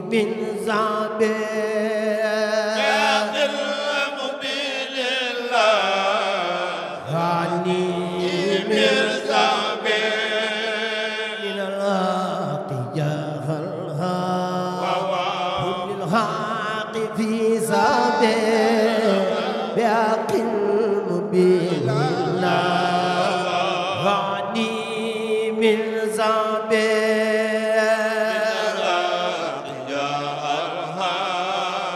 من زعبه في زابه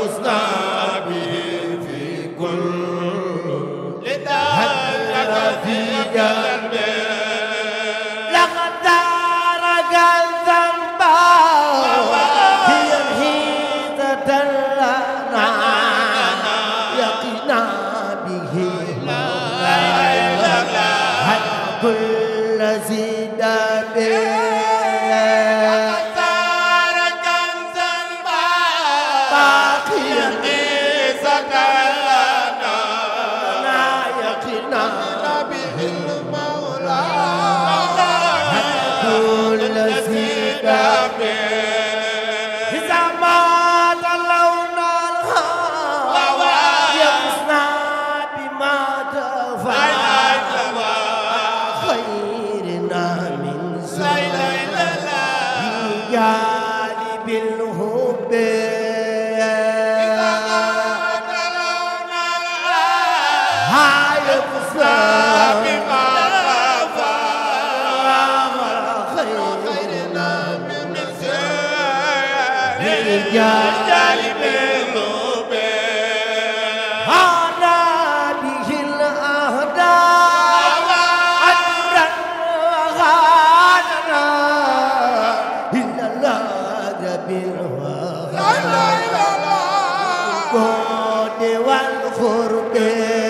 Ustaz Baba بالهوى قد والقرب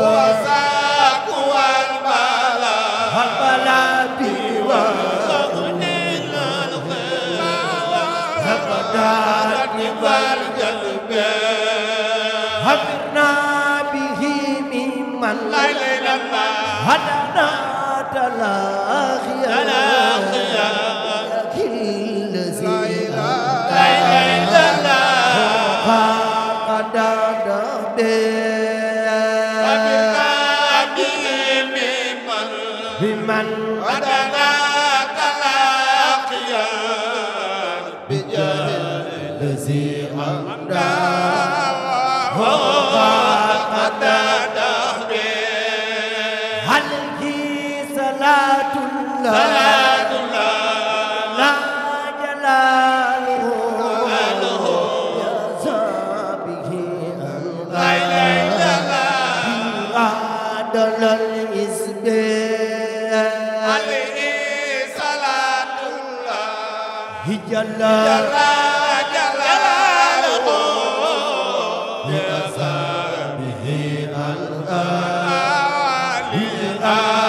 Ahad من لا إله إلا هدانا تلاقيا لكن الذي لا إله إلا الله قد بمن هدانا تلاقيا بجاه الذي أمداه وقد ah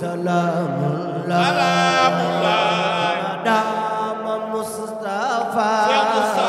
salaam la dama Mustafa la